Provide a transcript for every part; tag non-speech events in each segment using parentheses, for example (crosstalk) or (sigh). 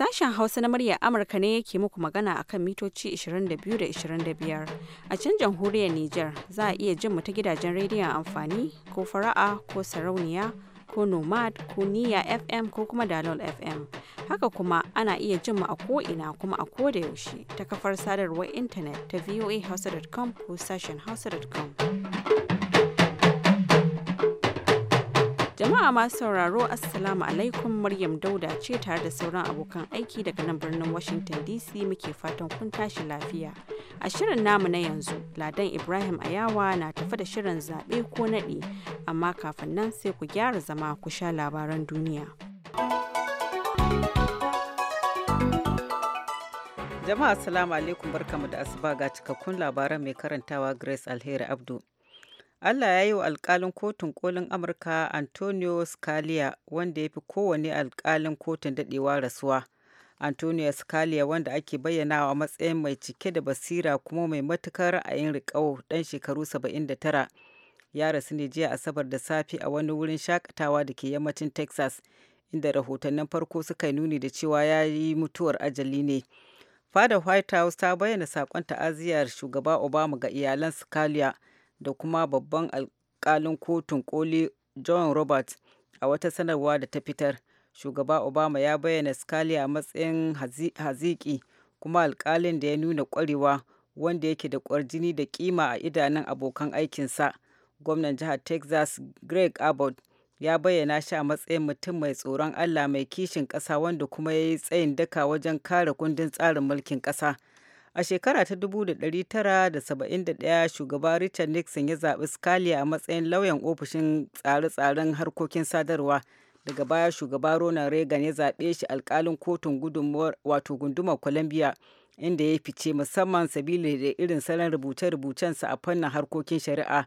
Sashen Hausa na muryar Amurka ne yake muku magana a kan mitoci 22 da 25. A can jamhuriyar Nijar za a iya jin mu ta gidajen rediyon amfani ko fara'a ko sarauniya ko nomad ko niya FM ko kuma dalol FM. Haka kuma ana iya jin mu a ko'ina kuma a ko da yaushe ta kafar sadarwar intanet ta voahausa.com ko sashen hausa.com. Jama'a masu sauraro Assalamu alaikum Maryam Dauda ce tare da sauran abokan aiki daga nan birnin Washington DC muke fatan kun tashi lafiya. A shirin namu na yanzu, Ladan Ibrahim Ayawa na tafi da shirin zaɓe ko naɗe, amma kafin nan sai ku gyara zama ku sha labaran duniya. Jama'a Assalamu alaikum barkamu da asuba ga cikakkun labaran mai karantawa Grace Alheri Abdu. Allah ya yi wa alkalin kotun kolin Amurka Antonio Scalia wanda ya fi kowane alkalin kotun dadewa rasuwa. Antonio Scalia wanda ake bayyanawa matsayin mai cike da basira kuma mai matukar yin riƙau ɗan shekaru 79 ya rasu ne jiya Asabar da safe a wani wurin shakatawa da ke yammacin Texas inda rahotannin farko suka yi nuni da cewa ya yi mutuwar ajali ne. Fada White House ta bayyana saƙon ta'aziyar shugaba Obama ga iyalan Scalia. da kuma babban alkalin kotun koli john roberts a wata sanarwa da ta fitar shugaba obama ya bayyana scalia a matsayin haziki kuma alkalin da ya nuna kwarewa wanda yake da kwarjini da kima a idanun abokan aikinsa gwamnan jihar texas greg abbott ya bayyana shi a matsayin mutum mai tsoron allah mai kishin kasa wanda kuma ya yi tsayin daka wajen kare kundin tsarin mulkin kasa. A shekara ta 1971 shugaba Richard Nixon ya zaɓi Scalia a matsayin lauyan ofishin tsare-tsaren harkokin sadarwa. Daga baya shugaba Ronald Reagan ya zaɓe shi alkalin kotun wato gundumar Columbia inda ya fice musamman sabili da irin salon rubuce-rubucensa a fannin harkokin shari'a.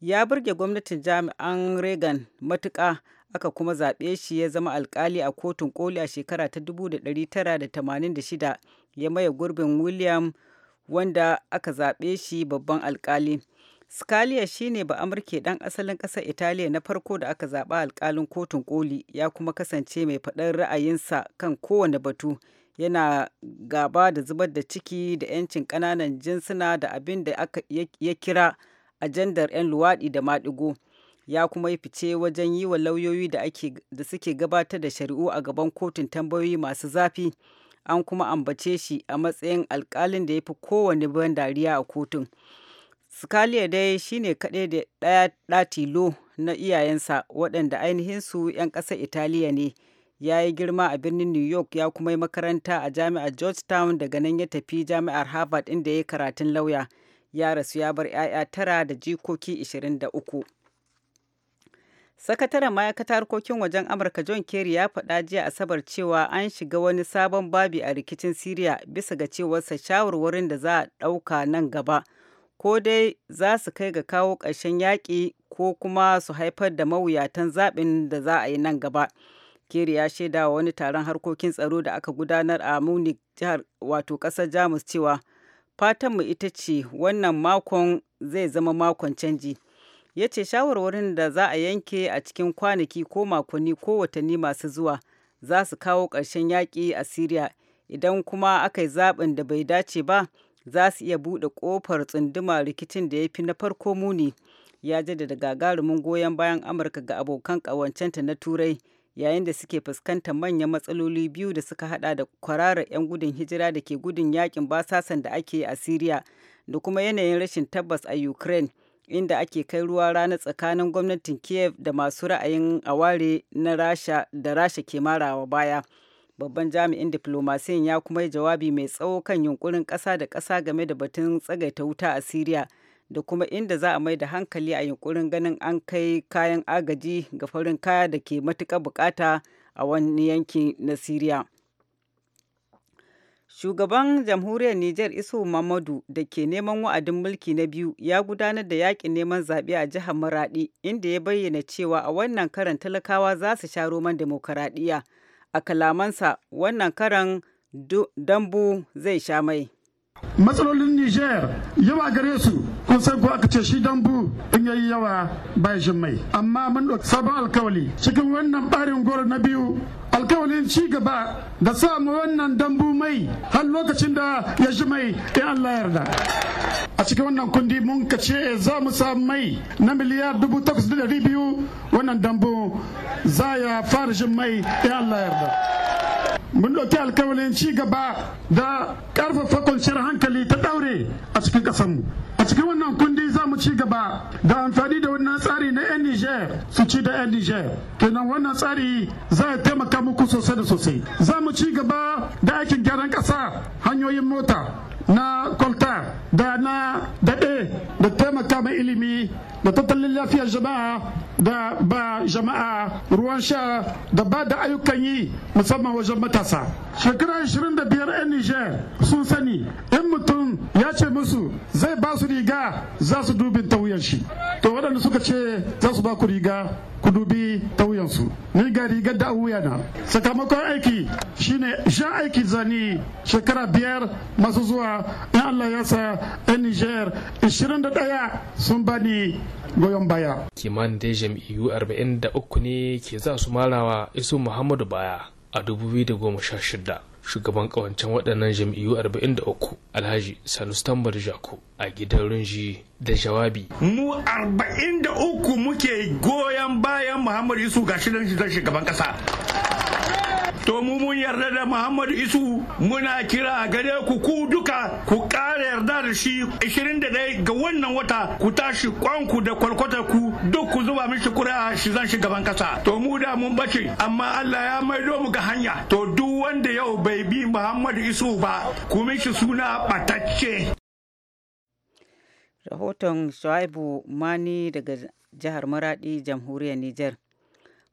Ya burge gwamnatin jami'an Reagan matuƙa aka kuma zaɓe shi ya zama alkali a kotun koli a shekara ta 1986 ya maye gurbin William wanda aka zaɓe shi babban alkali. Scalia shine ba Amurke ɗan asalin ƙasar Italiya na farko da aka zaɓa alkalin kotun koli ya kuma kasance mai faɗar ra'ayinsa kan kowane batu yana gaba da zubar da ciki da 'yancin ƙananan jinsuna da abin da ya kira ajandar 'yan luwaɗi da maɗigo. ya kuma yi fice wajen yi wa lauyoyi da suke gabatar da shari'u a gaban kotun tambayoyi masu zafi an kuma ambace shi a matsayin alkalin da ya fi kowane ban dariya a kotun Scalia dai shine kaɗai da ɗaya ɗatilo na iyayensa waɗanda su 'yan ƙasar Italiya ne. Ya yi girma a birnin New York ya kuma yi makaranta a jami'ar Georgetown daga nan ya tafi jami'ar Harvard inda ya yi karatun lauya. Ya rasu ya bar 'ya'ya tara da jikoki 23. Sakataren ma'aikatar harkokin wajen Amurka John Kerry ya faɗa jiya Asabar cewa an shiga wani sabon babi a rikicin Siriya bisa ga cewarsa shawarwarin da za a ɗauka nan gaba. Ko dai za su kai ga kawo ƙarshen yaƙi ko kuma su haifar da mawuyatan zaɓin da za a yi nan gaba. Kerry ya shaida wa wani taron harkokin tsaro da aka gudanar a Munich jihar wato ƙasar Jamus cewa fatanmu ita ce wannan makon zai zama makon canji. ya ce shawarwarin da za a yanke a cikin kwanaki ko makonni ko watanni masu zuwa za su kawo ƙarshen yaƙi a Siriya idan kuma aka yi zaɓin da bai dace ba za su iya buɗe ƙofar tsunduma rikicin da ya fi na farko muni ya jaddada gagarumin goyon bayan Amurka ga abokan ƙawancenta na Turai yayin da suke fuskantar manyan matsaloli biyu da suka hada da kwararar 'yan gudun hijira da ke gudun yakin basasan da ake a Siriya da kuma yanayin rashin tabbas a Ukraine inda ake kai ruwa rana tsakanin gwamnatin kiev da masu ra'ayin aware na rasha da rasha ke marawa baya babban jami'in diplomasiyan ya kuma yi jawabi mai tsawo kan yunkurin ƙasa da ƙasa game da batun tsagaita wuta a syria da kuma inda za a mai da hankali a yunkurin ganin an kai kayan agaji ga farin kaya da ke matuƙar bukata a wani yanki na syria Shugaban jamhuriyar Nijar Isu mamadu da ke neman wa'adin mulki na biyu ya gudanar da yakin neman zaɓe a jihar Maraɗi, inda ya bayyana cewa a wannan karan talakawa za su sha roman demokaradiyya. A kalamansa wannan karan dambu zai sha mai. Matsalolin Nijar yawa gare su kun san ko aka ce shi dambu in yayi yawa bai shin mai amma mun ɗauki sabon alkawali cikin wannan ɓarin goro na biyu alkawalin ci gaba da sa mu wannan dambu mai har lokacin da ya ji mai in Allah yarda a cikin wannan kundi mun ka ce za mu samu mai na miliyar dubu takwas da dari biyu wannan dambu za ya fara jin mai in Allah yarda mun ɗauki alkawalin ci gaba da ƙarfafa kwanciyar hankali ta ɗaure a cikin ƙasarmu a cikin wannan kundi za mu ci gaba da amfani da wannan tsari na 'yan niger su ci da 'yan niger kenan wannan tsari za taimaka muku sosai da sosai za mu ci gaba da aikin gyaran ƙasa hanyoyin mota na kwalta jama'a na daɗe da taimaka ma ilimi da tattalin lafiyar jama'a da ba jama'a ruwan sha da ba da ayyukan yi musamman wajen matasa shekara 25 'yan niger sun sani in mutum ya ce musu zai ba su riga za su dubin ta shi to waɗanda suka ce za su ba ku riga ku dubi ta wuyansu ni ga rigar da wuyana sakamakon aiki shine sha aiki zani shekara biyar masu zuwa in allah ya ƙasa 'yan Niger 21 sun ba bani goyon baya. Kimanin da jam'iyyu 43 ne ke za su marawa Isu Muhammadu baya a 2016. Shugaban kawancen waɗannan jam'iyyu 43 Alhaji Sanus Tambar Jako a gidan Runji da jawabi. Mu 43 muke goyon bayan Muhammadu Isu gashi don shugaban ƙasa. to mu mun yarda da Muhammadu Isu muna kira gare ku ku duka ku ƙara yarda da shi 21 ga wannan wata ku tashi kwanku da kwalkwata ku duk ku zuba mishi kuri'a shi zan gaban kasa to mu da mun bace amma Allah ya maido mu ga hanya to duk wanda yau bai bi Muhammadu Isu ba ku mishi suna batacce rahoton Shuaibu Mani daga jihar Maradi jamhuriyar Nijar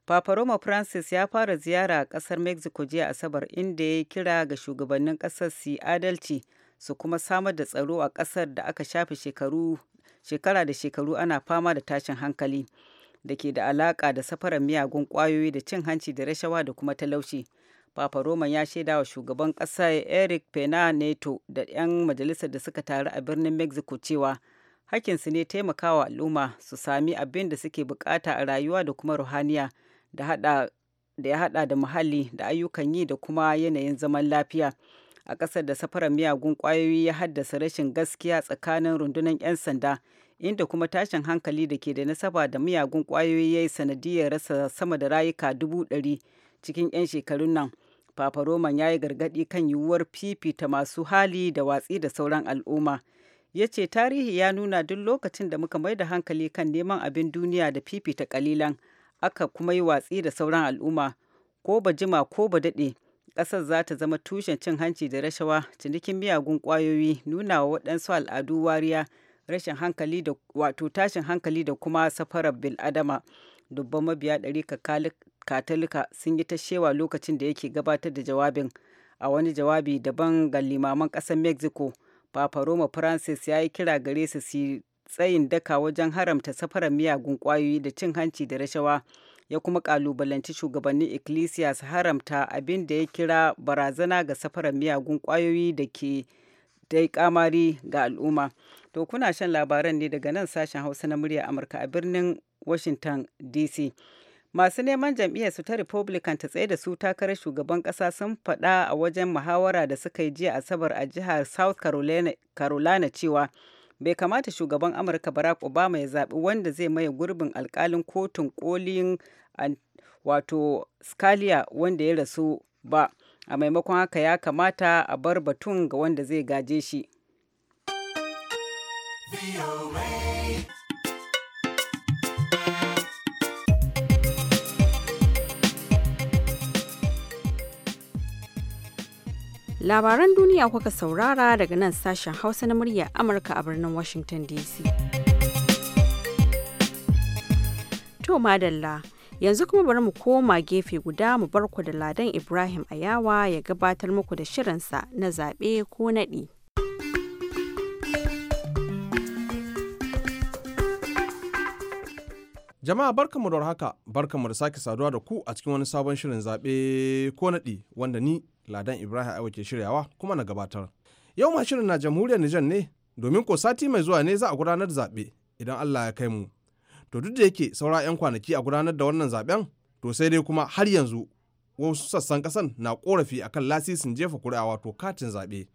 Papa Roma Francis ya fara ziyara a ƙasar Mexico jiya Asabar inda ya yi kira ga shugabannin ƙasar su adalci su kuma samar da tsaro a ƙasar da aka shafe shekaru shekara da shekaru ana fama da tashin hankali da ke da alaƙa da safarar miyagun ƙwayoyi da cin hanci da rashawa da kuma talauci. Papa Roman ya shaida wa shugaban ƙasa Eric Pena Neto da 'yan majalisar da suka taru a birnin Mexico cewa hakinsu ne taimakawa al'umma su sami abin da suke bukata a rayuwa da kuma ruhaniya da da ya hada da muhalli da ayyukan yi da kuma yanayin zaman lafiya a ƙasar da safarar miyagun kwayoyi ya haddasa rashin gaskiya tsakanin rundunar 'yan sanda inda kuma tashin hankali da ke da nasaba da miyagun ƙwayoyi ya yi sanadiyar rasa sama da rayuka dubu ɗari cikin 'yan shekarun nan Papa Roman ya yi gargaɗi kan yiwuwar fifita masu hali da watsi da sauran al'umma ya ce tarihi ya nuna duk lokacin da muka mai da hankali kan neman abin duniya da fifita kalilan aka kuma yi watsi da sauran al'umma ko ba jima ko ba daɗe ƙasar za ta zama tushen cin hanci da rashawa cinikin miyagun ƙwayoyi nuna wa waɗansu al'adu wariya rashin hankali da wato tashin hankali da kuma safarar adama dubban mabiya ɗari katalika sun yi ta shewa lokacin da yake gabatar da jawabin a wani jawabi daban ga limaman ƙasar mexico Papa Roma Francis ya yi kira gare su su tsayin daka wajen haramta safarar miyagun ƙwayoyi da cin hanci da rashawa ya kuma kalubalanci shugabannin ikkilisiya su haramta abin da ya kira barazana ga safarar miyagun ƙwayoyi da ke dai kamari ga al'umma. To kuna shan labaran ne daga nan sashen Hausa na murya Amurka a birnin Washington DC. masu neman jam'iyyar su ta republican ta tsaye da su takarar shugaban kasa sun faɗa a wajen muhawara da suka yi jiya asabar a jihar south carolina, carolina cewa bai kamata shugaban amurka barack obama ya zaɓi wanda zai maye gurbin alkalin kotun kolin wato scalia wanda ya rasu ba a maimakon haka ya kamata a bar batun ga wanda zai gaje shi. Labaran duniya kuka saurara daga nan sashen Hausa na murya Amurka a birnin Washington DC. To madalla, yanzu kuma bari mu koma gefe guda mu barku da Ladan Ibrahim Ayawa ya gabatar muku da shirinsa na zaɓe ko naɗi. Jama'a barkanmu da haka, barkanmu da sake saduwa da ku a cikin wani sabon shirin zaɓe ko naɗi wanda ni Ladan Ibrahim Aiwa ke shiryawa kuma na gabatar. Yau ma shirin na jamhuriyar Nijar ne domin ko sati mai zuwa ne za a gudanar da zaɓe idan Allah ya kai mu. To duk da yake saura 'yan kwanaki a gudanar da wannan zaɓen to sai dai kuma har yanzu wasu sassan ƙasan na korafi kan lasisin jefa kuri'a wato katin zaɓe.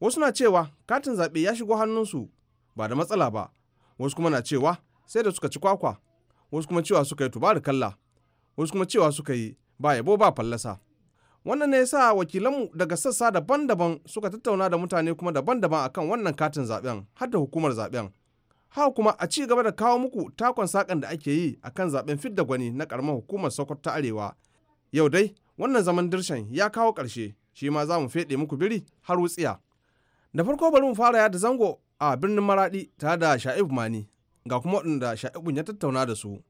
Wasu na cewa katin zaɓe ya shigo hannunsu ba da matsala ba, wasu kuma na cewa sai da suka ci kwakwa, wasu kuma cewa suka yi kalla wasu kuma cewa suka yi ba yabo ba fallasa. wannan ne yasa wakilanmu daga sassa daban-daban suka tattauna da mutane kuma daban-daban akan wannan katin zaɓen har da hukumar zaɓen haka kuma a ci gaba da kawo muku takon sakan da ake yi akan zaɓen fidda gwani na karamar hukumar sokoto ta arewa yau dai wannan zaman dirshan ya kawo ƙarshe shi ma za mu feɗe muku biri har wutsiya da farko bari mu fara yada zango a birnin maraɗi tare da sha'ibu mani ga kuma waɗanda sha'ibun ya tattauna da su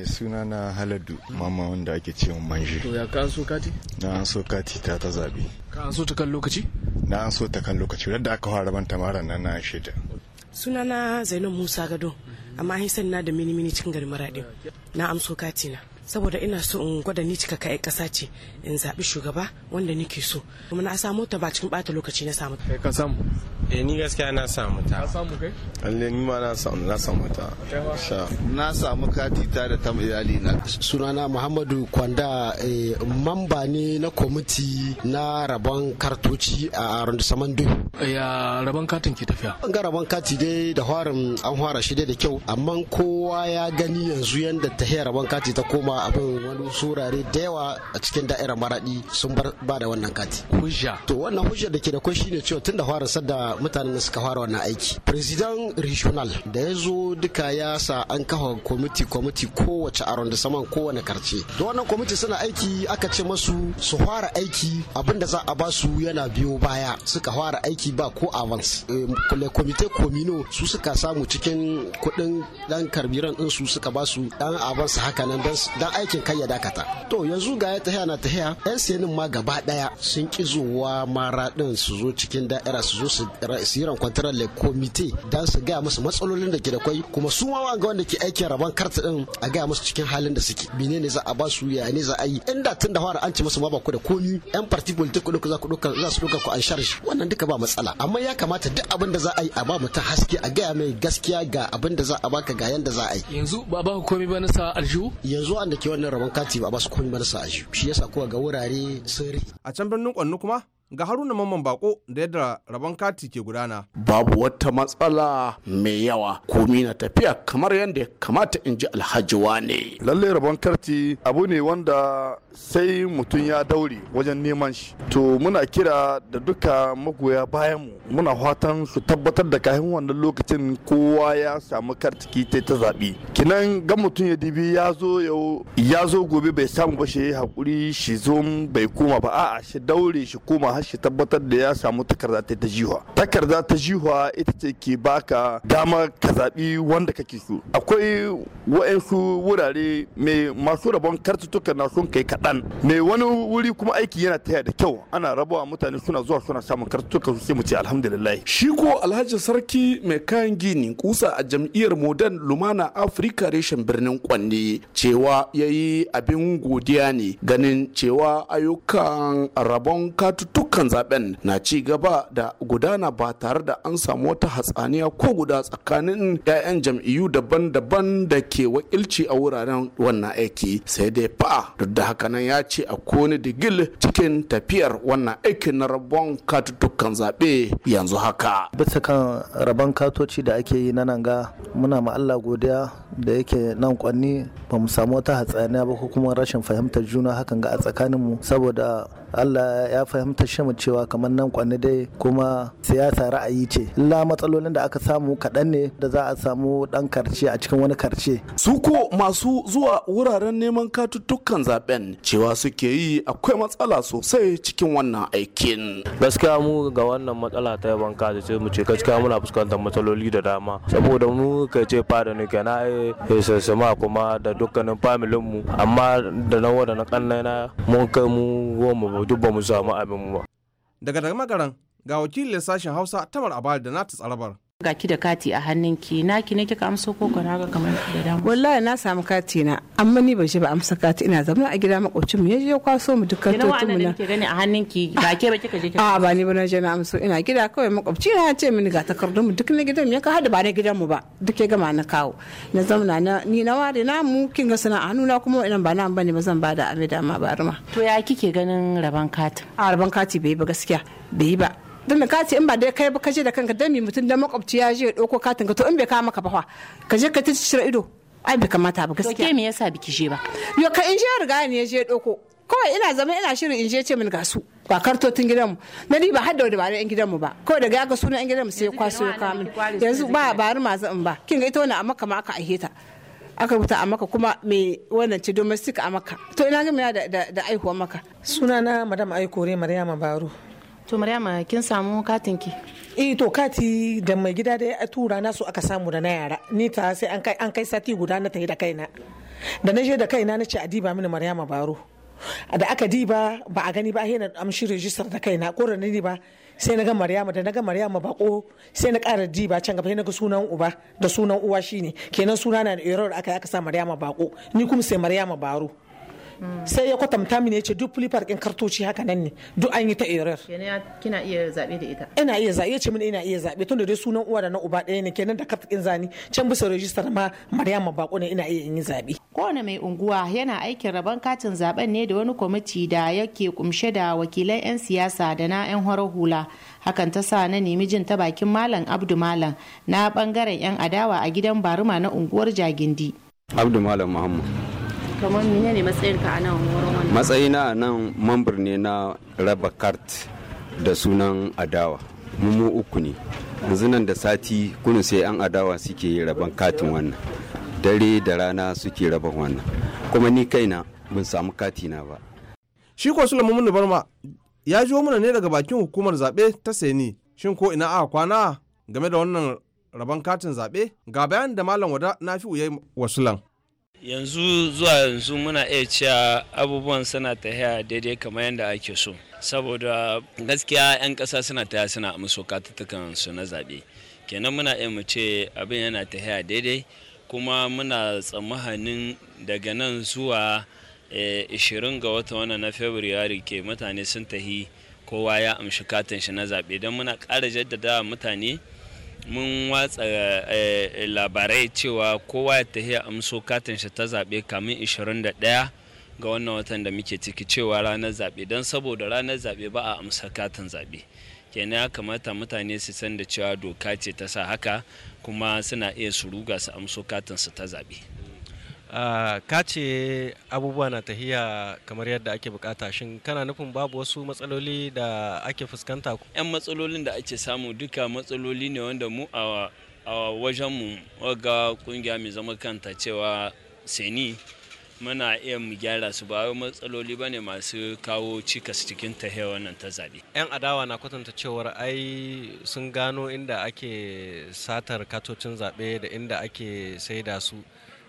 Eh, suna na haladu mama wanda ake ce manje to ya ka so kati na an so kati ta ta zabe ka an so ta kan lokaci na an so ta kan lokaci wadda aka fara ban tamara na na shida suna na zainab musa gado amma hisan na da mini mini cikin garin maradin na amso kati na saboda ina so in gwada ni cika kai kasa ce in zaɓi shugaba wanda nake so kuma na samu ta ba cikin bata lokaci na samu ta. ka samu eh ni gaskiya na samu ta ka samu kai alle ni ma na samu na samu ta na samu kati ta da tam iyali na sunana Muhammadu Kwanda eh, mamba ne na kwamiti na rabon kartoci a saman Duhu ya rabon katin ki tafiya an ga rabon kati dai da farin an fara shi dai da kyau amma kowa ya gani yanzu yanda ta rabon kati ta koma yawa abin wani surare da yawa a cikin da'irar maradi sun bar ba da wannan kati hujja to wannan hujjar da ke da kwai shine cewa tun da fara da mutanen da suka fara wannan aiki president regional da ya zo duka ya sa an kafa kwamiti kwamiti kowace aron da saman kowane karce da wannan kwamiti suna aiki aka ce masu su fara aiki abin da za a ba su yana biyo baya suka fara aiki ba ko avance eh, kwamite komino su suka samu cikin kuɗin dan karbiran din su suka ba su dan avance haka nan dan aikin kai ya dakata to yanzu ga ya tahiya na tahiya yan siyanin ma gaba daya sun ki zuwa mara din su zo cikin da'ira su zo su yi rankwantar le komite dan su gaya musu matsalolin da ke da kwai kuma su ma ga wanda ke aikin rabon karta din a gaya musu cikin halin da suke mene ne za a ba su ya ne za a yi inda tun da fara an ci musu ma ba ku da komi yan party politics ku za ku za su duka ku an sharshi wannan duka ba matsala amma ya kamata duk abin da za a yi a ba mutum haske a gaya mai gaskiya ga abin da za a baka ga yanda za a yi yanzu ba ba ku komai ba na sa aljihu yanzu an wanda ke wannan rabon kati ba su kun marasa a shi yasa kuwa ga wurare sun a can birnin kwanu kuma ga haruna mamman bako da yadda rabon kati ke gudana babu wata matsala mai yawa komi na tafiya kamar yadda kamata in ji alhaji ne lalle rabon kati abu ne wanda sai mutum ya daure wajen neman shi to muna kira da duka magoya bayan mu muna fatan su tabbatar da kafin wannan lokacin kowa ya samu kartiki ta ta zabi kinan ga mutum ya dibi ya zo yau ya zo gobe bai samu ba shi hakuri shi zo bai koma ba a'a shi daure shi koma har shi tabbatar da ya samu takarda ta ta jiwa takarda ta jiwa ita ce ke baka dama ka zabi wanda kake so akwai wa'ansu wurare mai masu rabon kartutuka na sun kai kaɗan kaɗan mai wani wuri kuma aiki yana taya da kyau ana rabawa mutane suna zuwa suna samun kartuka su mu ce alhamdulillah shi ko alhaji sarki mai kayan gini kusa a jam'iyyar modern lumana Africa reshen birnin kwanne cewa yayi abin godiya ne ganin cewa ayyukan rabon katutukan zaben na ci gaba da gudana ba tare da an samu wata hatsaniya ko guda tsakanin 'ya'yan jam'iyyu daban-daban da ke wakilci a wuraren wannan aiki sai dai fa'a duk da haka nan ya ce a kone digil cikin tafiyar wannan aikin na rabon katutukan zaɓe yanzu haka bisa kan rabon katoci da ake yi na nan ga muna ma Allah godiya da yake nan kwanni ba mu samu wata hatsaniya ba ko kuma rashin fahimtar juna hakan ga a tsakaninmu saboda Allah ya fahimta shi cewa kamar nan kwanne dai kuma siyasa ra'ayi ce illa matsalolin da aka samu kaɗan ne da za a samu ɗan karce a cikin wani karce su ko masu zuwa wuraren neman katuttukan zaben cewa suke yi akwai matsala sosai cikin wannan aikin gaskiya mu ga wannan matsala ta yaban kaji ce mu ce gaskiya muna fuskantar matsaloli da dama saboda mu ka ce fada ne kana eh, ma kuma da dukkanin familin mu amma da na da na kannai na mun kai mu goma duk ba mu samu abin mu ba daga daga magaran ga wakilin sashen hausa tamar abali da nata tsarabar ga ki da kati a hannun ki na ki ne kika amsa ko kana ga kamar da dama wallahi na samu kati na amma ni ban shi ba amsa kati ina zama a gida makocin mu yaje kwaso mu dukkan totun mu na gani a hannun ki ba ke ba kika je a ba ni ba na je na amsa ina gida kawai makwabci na ce mini ga takardun mu duk na gidan ya ka hada ba na gidan mu ba duk ya gama na kawo na zauna na ni na ware na mu kin ga sana'a nuna na kuma ina ba na bane ba zan bada ame dama ma arma. to ya kike ganin raban kati a raban kati bai ba gaskiya bai ba tunda ka ce in ba dai kai ba kaje da kanka dami mutum da makwabci ya je ya dauko katin ka to in bai kama maka ba fa ka je ka ta cire ido ai bai kamata ba gaskiya to me yasa biki je ba yo ka in je riga ne ya je dauko kawai ina zama ina shirin in je ce min gasu ba kartotin gidanmu na ni ba har da dabarun yan gidanmu ba kawai daga ga sunan yan gidanmu sai kwaso ya kawo min yanzu ba ba ma zan ba kin ga ita wannan amma kamar aka aiheta aka rubuta a maka kuma mai wannan ce domestic a maka to ina ga da da aihuwa maka sunana madam re maryama baro to maryama kin samu katin ki eh to kati da mai gida dai a tura nasu aka samu da na yara ni ta sai an kai sati guda na tafi da kaina da na je da kaina na ce a diba mini maryama baro da aka diba ba a gani ba a na amshi register da kaina ko da ni ba sai na ga maryama da na ga maryama bako sai na ƙara diba can gaba sai na ga sunan uba da sunan uwa shine kenan suna na da error aka aka sa maryama bako ni kuma sai maryama baro sai ya kwatanta mini ce duk flipper ɗin kartoci haka nan ne duk an yi ta error kina iya zabe da ita ina iya zabe ce mini ina iya zabe tunda dai sunan uwa da na uba ɗaya ne kenan da kartokin zani can bisa register ma Maryama Bako ne ina iya yin zabe kowane mai unguwa yana aikin rabon katin zaben ne da wani kwamiti da yake kumshe da wakilan 'yan siyasa da na 'yan horar hula hakan ta sa na nemi jin ta bakin malam abdu malam na bangaren 'yan adawa a gidan baruma na unguwar jagindi abdu malam muhammad kamar mine ne matsayinka a nan wurin matsayina a nan mambar ne na raba kart da sunan adawa mu uku ne yanzu nan da sati kunu sai an adawa suke raban katin wannan dare da rana suke raban wannan kuma ni kaina ban samu katina ba shi ko barma ya jiwo mana ne daga bakin hukumar zaɓe ta seni shin ko ina a kwana game da wannan rabon katin zaɓe ga bayan da malam wada na fi uye wasulan yanzu zuwa yanzu muna iya cewa abubuwan suna tafiya daidai kamar yadda ake so saboda gaskiya 'yan ƙasa suna haya suna amso katuttukan su na zaɓe kenan muna iya mu ce abin yana tafiya daidai kuma muna tsammanin daga nan zuwa 20 eh, ga wata wannan na february ke mutane sun tahi kowa ya amshi katin shi na zaɓe don muna ƙara jaddada mutane mun watsa eh, eh, labarai cewa kowa ya tafiya amso katin shi ta zaɓe kamin 21 ga wannan watan da muke ciki cewa ranar zaɓe don saboda ranar zaɓe ba a amsa katin zaɓe kenan ya kamata mutane su san da cewa doka ce ta sa haka kuma suna iya su ruga su amso katin su ta zaɓe Ah, ka ce abubuwa na tahiya kamar yadda ake bukata shin kana nufin babu wasu matsaloli da ake fuskanta ku yan matsalolin da ake samu duka matsaloli ne wanda mu a wajenmu waga kungiya mai zama kanta cewa seni muna iya mu gyara su ba matsaloli ba ne masu kawo cikas cikin tahiyar wannan ta zaɓe. 'yan adawa na kwatanta cewar ai sun gano inda ake satar katocin zaɓe da inda ake saida su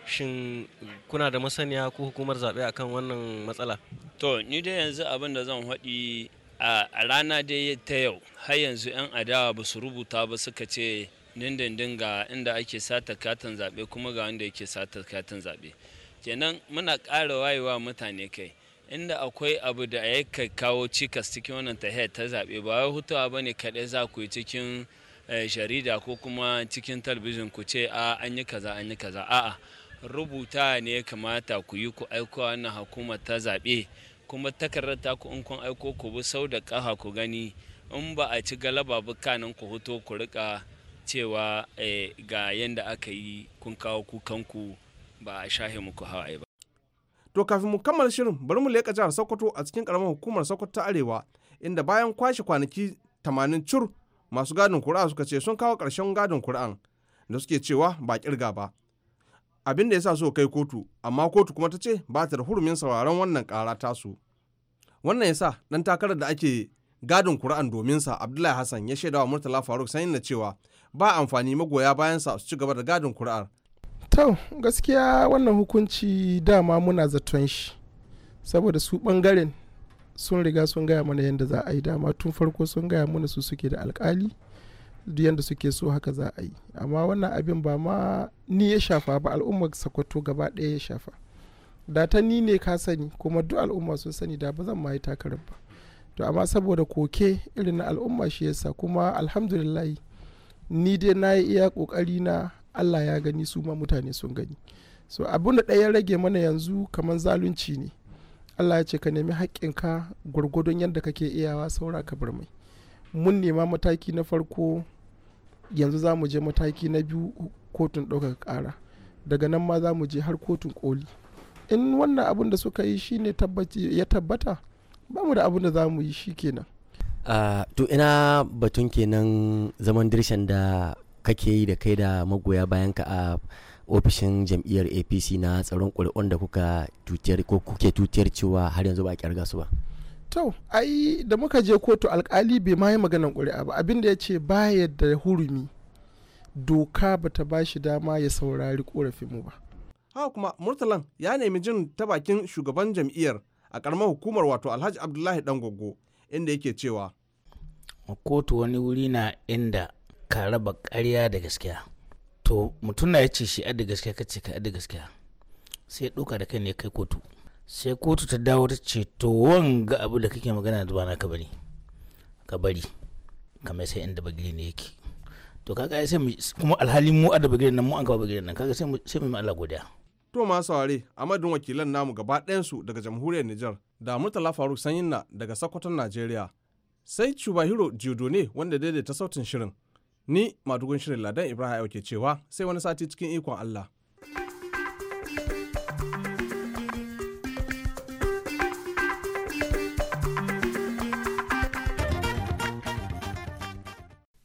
shin kuna da masaniya ko hukumar zaɓe akan wannan matsala to ni dai yanzu abin da zan haɗi a rana dai ta yau har yanzu 'yan adawa ba su rubuta ba suka ce dindindin ga inda ake sata katin zaɓe kuma ga wanda yake sata katin zaɓe kenan muna ƙara wayewa mutane kai inda akwai abu da ya kawo cikas cikin wannan ta ta zaɓe ba wai hutawa ba ne kaɗai za ku yi cikin eh, jarida ko kuma cikin talabijin ku ce a an yi kaza an yi kaza a'a rubuta ne ya kamata ku yi ku aiko wannan hukumar ta zaɓe kuma takardar ta ku in kun aiko ku bi sau da ƙafa ku gani in ba a ci galaba bukanin ku hoto ku rika cewa eh, ga yadda aka yi kun kawo kukanku ba a shahe muku hawaye ba. To kafin mu kammala shirin bari mu leƙa jihar Sokoto a cikin karamar hukumar Sokoto ta Arewa inda bayan kwashe kwanaki 80 cur masu gadin kura suka ce sun kawo ƙarshen gadin kura'an da suke cewa ba kirga ba. abin da ya sa so kai kotu amma kotu kuma ta ce ba ta da hurumin sauraron wannan kara tasu wannan ya sa dan takarar da ake gadin domin sa abdullahi hassan ya shaidawa murtala faruk sanin da cewa ba amfani magoya sa su ci gaba da gadin kura'ar to gaskiya wannan hukunci dama muna zaton shi saboda su bangaren sun riga sun gaya mana yadda za a yi dama tun farko sun gaya mana su suke da alkali duk yadda suke so haka za a yi amma wannan abin ba ma ni ya shafa ba al'ummar sakwato gaba ɗaya ya shafa da ta ni ne ka sani kuma duk al'umma sun sani da ba zan ma yi takarar ba to amma saboda koke irin na al'umma shi yasa kuma alhamdulillah ni dai na yi iya kokari na allah ya gani su ma mutane sun gani so abun da ɗaya rage mana yanzu kamar zalunci ne allah ya ce ka nemi ka gwargwadon yadda kake iyawa saura ka bar mai mun nema mataki na farko yanzu za mu je mataki na biyu kotun ɗaukaka ƙara daga nan ma za mu je har kotun koli in wannan abin da suka yi shine ya tabbata ba mu da abin da za mu yi shi kenan to ina batun kenan zaman dirshan da kake yi da kai da magoya bayan ka a ofishin jam'iyyar apc na tsaron ƙuri'un da kuka tutiyar ko kuke tutiyar cewa har yanzu ba a ƙyar su ba to ai da muka je kotu alkali bai ma yi maganan ƙuri'a ba abin da ya ce ba yadda hurumi doka ba ta ba shi dama ya saurari korafin mu ba haka kuma murtalan ya nemi jin ta bakin shugaban jam'iyyar a karamar hukumar wato alhaji abdullahi dan goggo inda yake cewa kotu wani wuri na inda ka raba ƙarya da gaskiya to mutum na ya ce shi adda gaskiya ka ce ka adda gaskiya sai ya ɗauka da kai ne kai kotu sai kotu ta dawo ta ce to wanga abu da kake magana da bana ka bari ka bari kamar sai inda bagire ne yake to kaga sai mu kuma alhali mu a da bagire nan mu an gaba bagire nan kaga sai mu sai mu Allah godiya to ma saware a wakilan namu gaba ɗayan su daga jamhuriyar Nijar da Murtala Faruk Sanyinna daga Sokoton Najeriya sai Chubahiro Jiodone wanda daidaita sautin shirin ni madugun shirin Ladan Ibrahim ke cewa sai wani sati cikin ikon Allah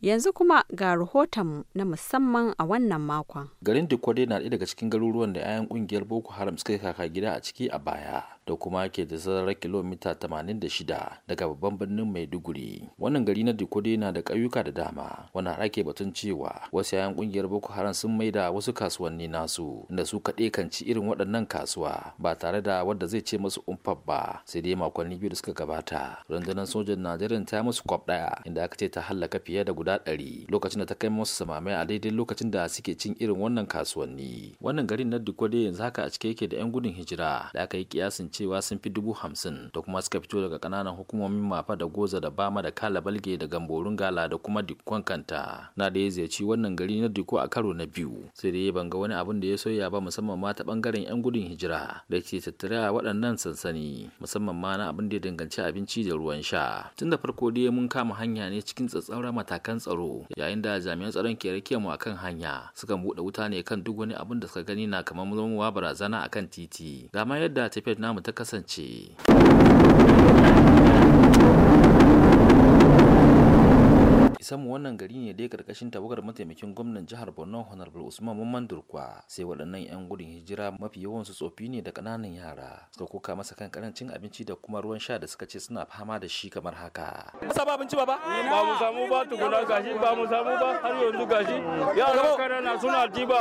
Yanzu kuma ga rahotonmu na musamman a wannan makon. Garin Dikwade na ɗaya daga cikin garuruwan da 'ya'yan ƙungiyar Boko Haram suka yi kaka gida a ciki a baya. da kuma ke da zarar kilomita 86 daga babban birnin Maiduguri. Wannan gari na Dikode na da ƙauyuka da dama, wannan rake batun cewa wasu yayan kungiyar Boko Haram sun maida wasu kasuwanni nasu, inda su kaɗai kan ci irin waɗannan kasuwa ba tare da wadda zai ce masu umfar ba, sai dai makonni biyu da suka gabata. Rundunar sojan Najeriya ta musu kwab ɗaya, inda aka ce ta hallaka fiye da guda ɗari lokacin da ta kai masu samamai a daidai lokacin da suke cin irin wannan kasuwanni. Wannan garin na Dikode yanzu haka a cike yake da 'yan gudun hijira da aka yi kiyasin cewa sun fi dubu hamsin da kuma suka fito daga kananan hukumomin mafa da goza da bama da kala balge da gamborun gala da kuma dikon kanta na da ya ziyarci wannan gari na diko a karo na biyu sai dai ban ga wani abin da ya soya ba musamman ma ta bangaren yan gudun hijira da ke tattare a waɗannan sansani musamman ma na abin da ya danganci abinci da ruwan sha tun da farko dai mun kama hanya ne cikin tsatsaura matakan tsaro yayin da jami'an tsaron ke rike mu akan hanya sukan buɗe wuta ne kan duk wani abin da suka gani na kamar wa barazana akan titi ga ma yadda tafiyar namu mu ta kasance. isamu wannan gari ne dai karkashin tawagar mataimakin gwamnan jihar borno honorable usman mamman durkwa sai waɗannan 'yan gudun hijira mafi yawansu tsofi ne da ƙananan yara suka kuka masa kan karancin abinci da kuma ruwan sha da suka ce suna fama da shi kamar haka masa ba abinci ba ba ba mu samu ba tukuna gashi ba mu samu ba har yanzu gashi yara kanana suna ji ba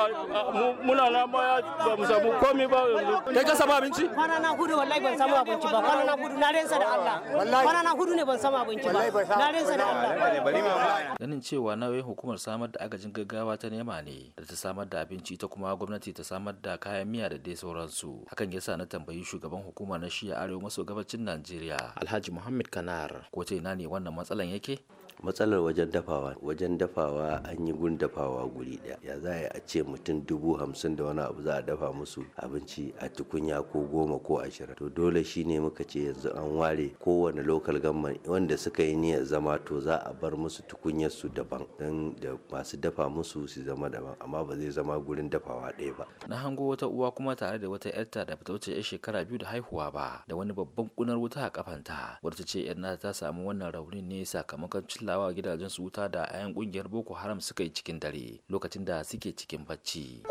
muna na baya ba mu samu komai ba yanzu kai ka samu abinci kwana na hudu wallahi ban samu abinci ba kwana na hudu na rensa da Allah kwana na gudu ne ban samu abinci ba na rensa da Allah ganin cewa nauyin hukumar samar da agajin gaggawa ta nema ne da ta samar da abinci ta kuma gwamnati ta samar da kayan miya da dai sauransu hakan yasa na tambayi shugaban hukumar na shiya arewa maso gabacin najeriya alhaji muhammad kanar ko ce ina ne wannan matsalan yake matsalar wajen dafawa wajen dafawa an yi gun dafawa guri daya ya za a ce mutum dubu hamsin da wani abu za a dafa musu abinci a tukunya ko goma ko ashirin to dole shi ne muka ce yanzu an ware kowane lokal gamman wanda suka yi niyyar zama to za a bar musu tukunyar su daban don da masu dafa musu su zama daban amma ba zai zama gurin dafawa ɗaya ba na hango wata uwa kuma tare da wata yarta da bata wuce yar shekara biyu da haihuwa ba da wani babban kunar wuta a kafanta wadda ta ce yarna ta samu wannan raunin ne sakamakon cilla cilla gidajen su wuta da 'ya'yan kungiyar boko haram suka yi cikin dare lokacin da suke cikin bacci (laughs)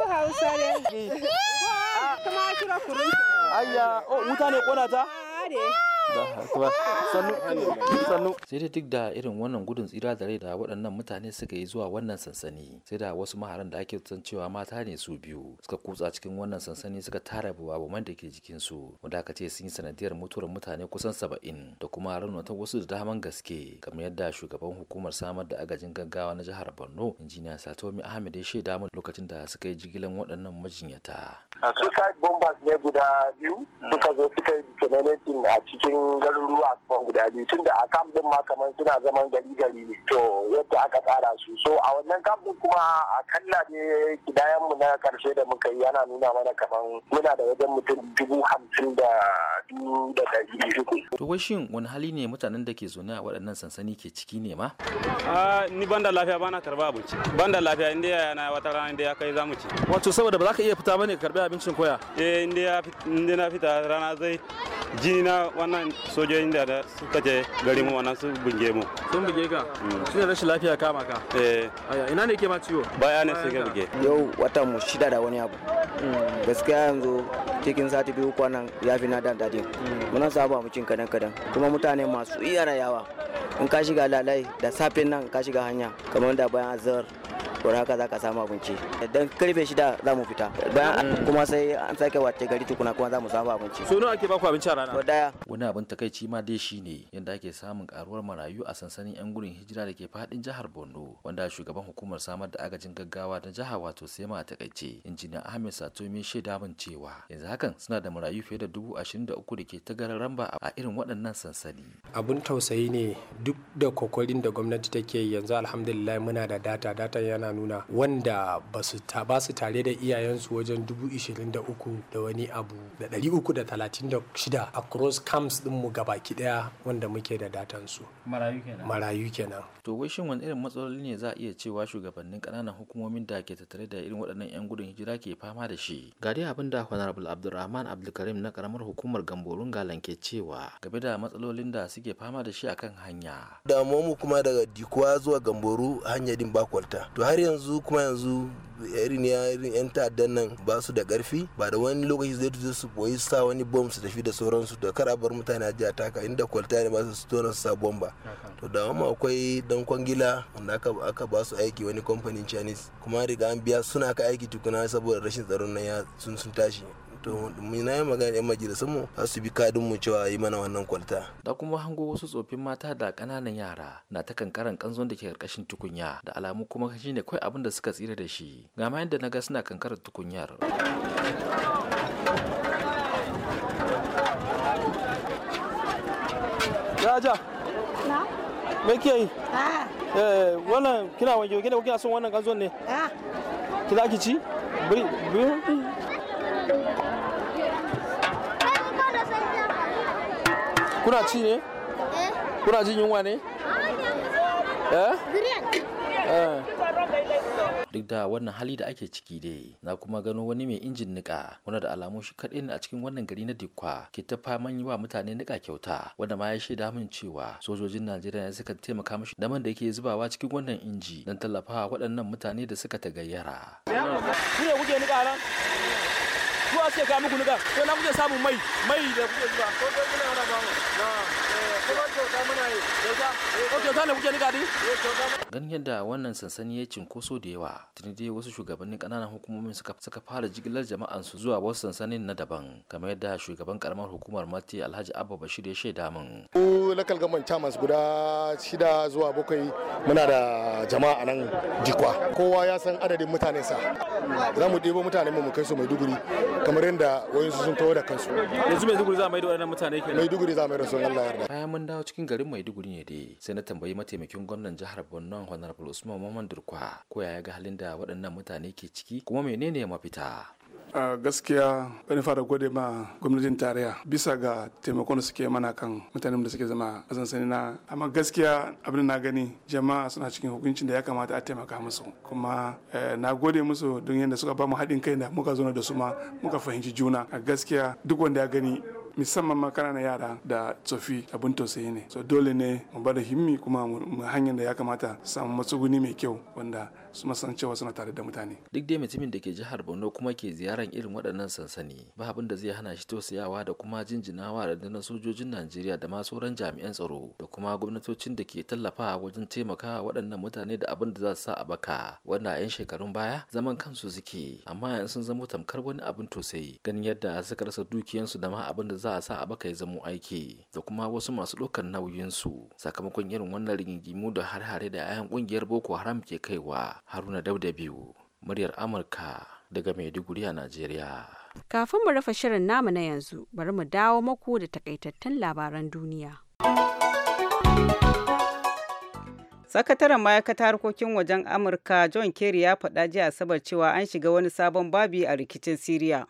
Ayya, oh, wuta ne kona ta? sannu sai dai duk da irin wannan gudun tsira da rai da waɗannan mutane suka yi zuwa wannan sansani sai da wasu maharan da ake san cewa mata ne su biyu suka kutsa cikin wannan sansani suka tara man da ke jikin su, aka ce sun yi sanadiyar mutuwar mutane kusan saba'in da kuma raunatan wasu da daman gaske kamar yadda shugaban hukumar samar da agajin gaggawa na jihar borno injiniya satomi ahmed ya shaida mu lokacin da suka yi jigilan waɗannan majinyata. suka bombas ne guda biyu suka zo suka yi a cikin cikin garuruwa kuma guda biyu tun da a kam din ma kamar suna zaman gari gari ne to yadda aka tsara su so a wannan kam kuma a kalla ne kidayan mu na karshe da muka yi yana nuna mana kamar muna da wajen mutum dubu hamsin da biyu da ɗari to wai shin wani hali ne mutanen da ke zaune a waɗannan sansani ke ciki ne ma ni ban da lafiya bana karba abinci ban da lafiya inda ya na wata rana inda ya kai zamu ci wato saboda ba za ka iya fita bane ka karbi abincin koya eh inda ya inda na fita rana zai jini na wannan sojojin da suka ce gari mu wannan su buge mu sun buge ka mm. sun ne rashin lafiya kama ka eh ina ne ke ma ciwo baya ne sai buge yau watan mu shida da wani abu mm. gaskiya yanzu cikin sati biyu kwanan ya fi na dadin mm. muna saba mu cin kadan kadan kuma mutane masu iya rayawa in ka shiga lalai da safe nan ka shiga hanya kamar da bayan azhar kawai haka za ka samu abinci dan karfe shida za mu fita bayan mm. kuma sai an sake wace gari tukuna kuma za mu samu abinci so nawa ake baku abinci a rana daya wani abin takaici ma dai ne. yadda ake samun karuwar marayu a sansanin yan gurin hijira da ke fadin jihar Borno wanda shugaban hukumar samar da agajin gaggawa ta jihar wato sema a takaice injiniya Ahmed mai shaida min cewa yanzu hakan suna da marayu fiye da dubu ashirin da uku da ke tagarar ramba a irin waɗannan sansani abun tausayi ne duk da kokarin da gwamnati take yanzu alhamdulillah muna da data data yana suna nuna wanda ba su tare da iyayensu wajen dubu da wani abu da 336 a cross camps ɗinmu gabaki daya wanda muke da datansu. Marayu kenan. To shin wani irin matsaloli ne za a iya cewa shugabannin kananan hukumomin da ke tattare da irin waɗannan 'yan gudun hijira ke fama da shi. Ga dai abin da Honorable Abdulrahman Abdulkarim na karamar hukumar Gamborun Galan ke cewa game da matsalolin da suke fama da shi akan hanya. Damuwa mu kuma daga Dikuwa zuwa Gamboru hanya din Bakwalta. To har yanzu kuma yanzu irin irin yan ta'addan nan ba su da karfi ba da wani lokaci zai tuzo su boyi sa wani bom su tafi da sauransu da kar a bar mutane a jiya taka inda kwalta ne ba su tona su sa bomba to da wamma akwai dan kwangila wanda aka aka ba su aiki wani kamfanin chinese kuma riga an biya suna ka aiki tukuna saboda rashin tsaron nan ya sun sun tashi to na yi magana yan majalisun mu za su bi kadin mu cewa yi mana wannan kwalta da kuma hango wasu tsofin mata da ƙananan yara na ta kankaran kanzon da ke karkashin tukunya da alamu kuma shine kawai abin da suka tsira da shi ga ma yadda na ga suna kankarar tukunyar Raja. Na? Me kike yi? Ah. Eh, wannan kina wanke kina son wannan kanzon ne? Ah. Kila ki ci? Biri, biri. kuna ci ne eh? kuna jin yunwa ne eh? Eh. duk da wannan hali da ake ciki dai na kuma gano wani mai injin nika wanda da alamu shi kaɗai ne a cikin wannan gari na dikwa ke ta faman yi wa mutane nika kyauta wanda ma ya shaida min cewa sojojin najeriya ne suka taimaka mashi da man da yake zubawa cikin wannan inji don tallafawa waɗannan mutane da suka ta gayyara. ko a ce ka muku nuka ko na kuke samun mai mai da kuke zuwa ko kuna ana ba mu ganin yadda wannan sansani ya cinkoso da yawa tuni dai wasu shugabannin kananan hukumomin suka fara jigilar jama'ansu zuwa wasu sansanin na daban kamar yadda shugaban karamar hukumar mati alhaji abba bashir ya shaida min ku lakal gaman chamas guda shida zuwa bakwai muna da jama'a nan jikwa kowa ya san adadin mutanen sa za mu ɗebo mutanen mu kai su maiduguri kamar yadda wayansu sun tawo da kansu yanzu maiduguri za a maido waɗannan mutane kenan maiduguri za a maido sun Allah yarda mun dawo cikin garin maiduguri ne dai sai na tambayi mataimakin gwamnan jihar borno honorable usman maman durkwa ko ya ga halin da waɗannan mutane ke ciki kuma menene mafita a gaskiya bani fara gode ma gwamnatin tarayya bisa ga taimakon da suke mana kan mutanen da suke zama a zansani na amma gaskiya abin na gani jama'a suna cikin hukuncin da ya kamata a taimaka musu kuma eh, na gode musu don yadda suka ba mu haɗin kai da muka zo da su ma muka fahimci juna a gaskiya duk wanda ya gani musamman ma kana yara da tsofi abin tausayi ne so dole ne mu bada himmi kuma mu hanyar da ya kamata samu matsuguni mai kyau wanda su san cewa suna tare da mutane duk dai mutumin da ke jihar Borno kuma ke ziyaran irin waɗannan sansani ba abin da zai hana shi tausayawa da kuma jinjinawa da na sojojin Najeriya da ma sauran jami'an tsaro da kuma gwamnatocin da ke tallafawa wajen taimaka waɗannan mutane da abin da za su sa a baka wanda a 'yan shekarun baya zaman kansu suke amma yanzu sun zama tamkar wani abin tausayi ganin yadda suka rasa dukiyansu da ma abin da za za a sa a baka ya zamo aiki da kuma wasu masu ɗaukar nauyinsu sakamakon irin wannan rigingimu da har-hare da 'ya'yan ƙungiyar boko haram ke kaiwa haruna dauda biyu muryar amurka daga maiduguri a najeriya kafin mu rufe shirin namu na yanzu bari mu dawo maku da takaitattun labaran duniya sakataren ma'aikata harkokin wajen amurka john kerry ya faɗa jiya asabar cewa an shiga wani sabon babi a rikicin siriya